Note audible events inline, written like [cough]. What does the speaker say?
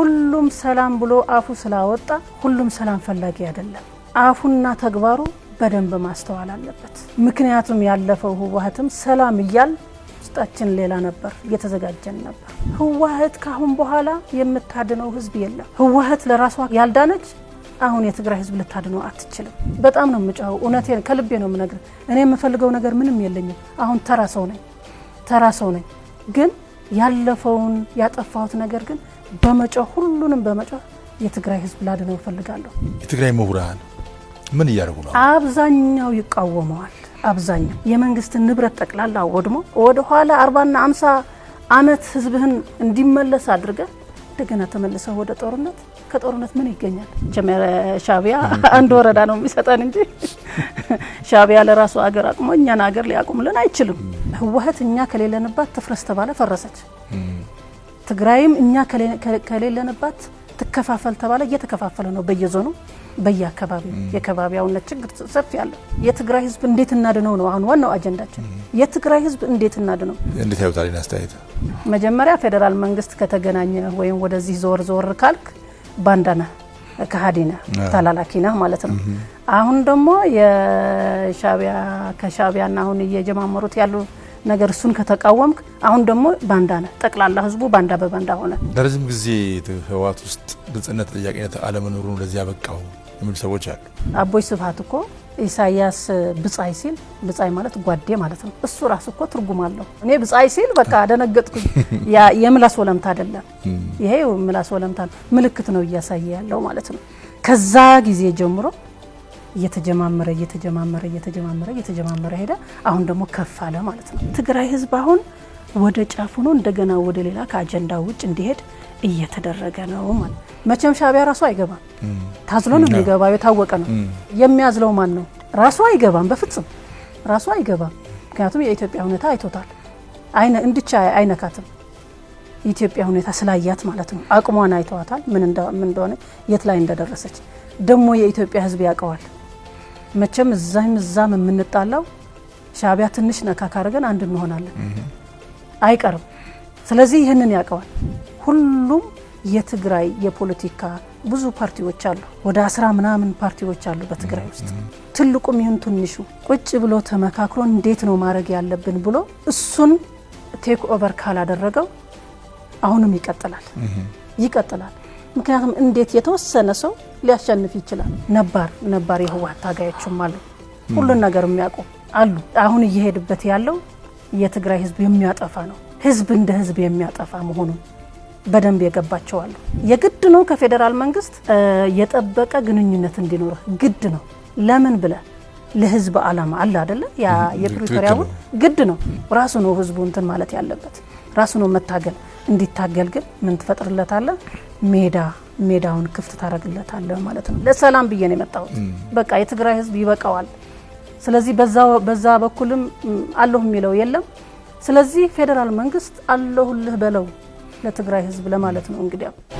ሁሉም ሰላም ብሎ አፉ ስላወጣ ሁሉም ሰላም ፈላጊ አይደለም። አፉና ተግባሩ በደንብ ማስተዋል አለበት። ምክንያቱም ያለፈው ህወሀትም ሰላም እያል ውስጣችን ሌላ ነበር፣ እየተዘጋጀን ነበር። ህወሀት ካሁን በኋላ የምታድነው ህዝብ የለም። ህወሀት ለራሷ ያልዳነች አሁን የትግራይ ህዝብ ልታድነው አትችልም። በጣም ነው የምጫው። እውነቴን ከልቤ ነው የምነግርህ። እኔ የምፈልገው ነገር ምንም የለኝም። አሁን ተራ ሰው ነኝ፣ ተራ ሰው ነኝ። ግን ያለፈውን ያጠፋሁት ነገር ግን በመጮህ ሁሉንም በመጮህ የትግራይ ህዝብ ላድነው እፈልጋለሁ። የትግራይ ምሁራን ምን እያደረጉ ነው? አብዛኛው ይቃወመዋል። አብዛኛው የመንግስትን ንብረት ጠቅላላ ወድሞ ወደኋላ አርባና አምሳ አመት ህዝብህን እንዲመለስ አድርገ እንደገና ተመልሰው ወደ ጦርነት ከጦርነት ምን ይገኛል? ሻቢያ [laughs] አንድ ወረዳ ነው የሚሰጠን እንጂ [laughs] ሻቢያ ለራሱ አገር አቁሞ እኛን አገር ሊያቁምልን አይችልም። ህወሀት እኛ ከሌለንባት ትፍረስ ተባለ፣ ፈረሰች። ትግራይም እኛ ከሌለንባት ትከፋፈል ተባለ። እየተከፋፈለ ነው በየዞኑ በየአካባቢው የከባቢያውነት ችግር ሰፊ አለ። የትግራይ ህዝብ እንዴት እናድነው ነው አሁን ዋናው አጀንዳችን። የትግራይ ህዝብ እንዴት እናድነው። እንዴት ያዩታል አስተያየት? መጀመሪያ ፌዴራል መንግስት ከተገናኘ ወይም ወደዚህ ዞር ዞር ካልክ ባንዳ ነህ፣ ከሃዲ ማለት ነው። አሁን ደግሞ የሻቢያ ከሻቢያና አሁን እየጀማመሩት ያሉ ነገር እሱን ከተቃወምክ አሁን ደግሞ ባንዳ ነህ። ጠቅላላ ህዝቡ ባንዳ በባንዳ ሆነ። ለረዥም ጊዜ ህወሓት ውስጥ ግልጽነት፣ ተጠያቂነት አለመኖሩን ለዚህ ያበቃው የሚሉ ሰዎች አሉ። አቦይ ስብሀት እኮ ኢሳያስ ብጻይ ሲል ብጻይ ማለት ጓዴ ማለት ነው። እሱ ራሱ እኮ ትርጉም አለው። እኔ ብጻይ ሲል በቃ አደነገጥኩኝ። [laughs] የምላስ ወለምታ አይደለም ይሄ፣ ምላስ ወለምታ ምልክት ነው እያሳየ ያለው ማለት ነው። ከዛ ጊዜ ጀምሮ እየተጀማመረ እየተጀማመረ እየተጀማመረ እየተጀማመረ ሄደ። አሁን ደግሞ ከፍ አለ ማለት ነው። ትግራይ ህዝብ አሁን ወደ ጫፍ ሆኖ እንደገና ወደ ሌላ ከአጀንዳ ውጭ እንዲሄድ እየተደረገ ነው ማለት መቼም ሻቢያ ራሱ አይገባም። ታዝሎ ነው የሚገባው፣ የታወቀ ነው። የሚያዝለው ማን ነው? ራሱ አይገባም፣ በፍጹም ራሱ አይገባም። ምክንያቱም የኢትዮጵያ ሁኔታ አይቶታል። እንድቻ አይነካትም። የኢትዮጵያ ሁኔታ ስላያት ማለት ነው። አቅሟን አይተዋታል፣ ምን እንደሆነ፣ የት ላይ እንደደረሰች ደግሞ የኢትዮጵያ ህዝብ ያውቀዋል። መቼም እዛም እዛም የምንጣላው ሻቢያ ትንሽ ነካ ካደረገን አንድ እንሆናለን፣ አይቀርም። ስለዚህ ይህንን ያውቀዋል ሁሉም የትግራይ የፖለቲካ ብዙ ፓርቲዎች አሉ። ወደ አስራ ምናምን ፓርቲዎች አሉ በትግራይ ውስጥ ትልቁም ይሁን ትንሹ ቁጭ ብሎ ተመካክሮ እንዴት ነው ማድረግ ያለብን ብሎ እሱን ቴክ ኦቨር ካላደረገው አሁንም ይቀጥላል ይቀጥላል። ምክንያቱም እንዴት የተወሰነ ሰው ሊያሸንፍ ይችላል? ነባር ነባር የህወሓት ታጋዮችም አሉ፣ ሁሉን ነገር የሚያውቁ አሉ። አሁን እየሄድበት ያለው የትግራይ ህዝብ የሚያጠፋ ነው፣ ህዝብ እንደ ህዝብ የሚያጠፋ መሆኑን በደንብ የገባቸዋሉ። የግድ ነው ከፌዴራል መንግስት የጠበቀ ግንኙነት እንዲኖርህ ግድ ነው። ለምን ብለ ለህዝብ አላማ አለ አደለ? ያ የፕሪቶሪያውን ግድ ነው። ራሱ ነው ህዝቡ እንትን ማለት ያለበት ራሱ ነው መታገል። እንዲታገል ግን ምን ትፈጥርለታለህ? ሜዳ ሜዳውን ክፍት ታደርግለታለህ ማለት ነው። ለሰላም ብዬ ነው የመጣሁት። በቃ የትግራይ ህዝብ ይበቃዋል። ስለዚህ በዛ በኩልም አለሁ የሚለው የለም። ስለዚህ ፌዴራል መንግስት አለሁልህ በለው ለትግራይ ህዝብ ለማለት ነው እንግዲያው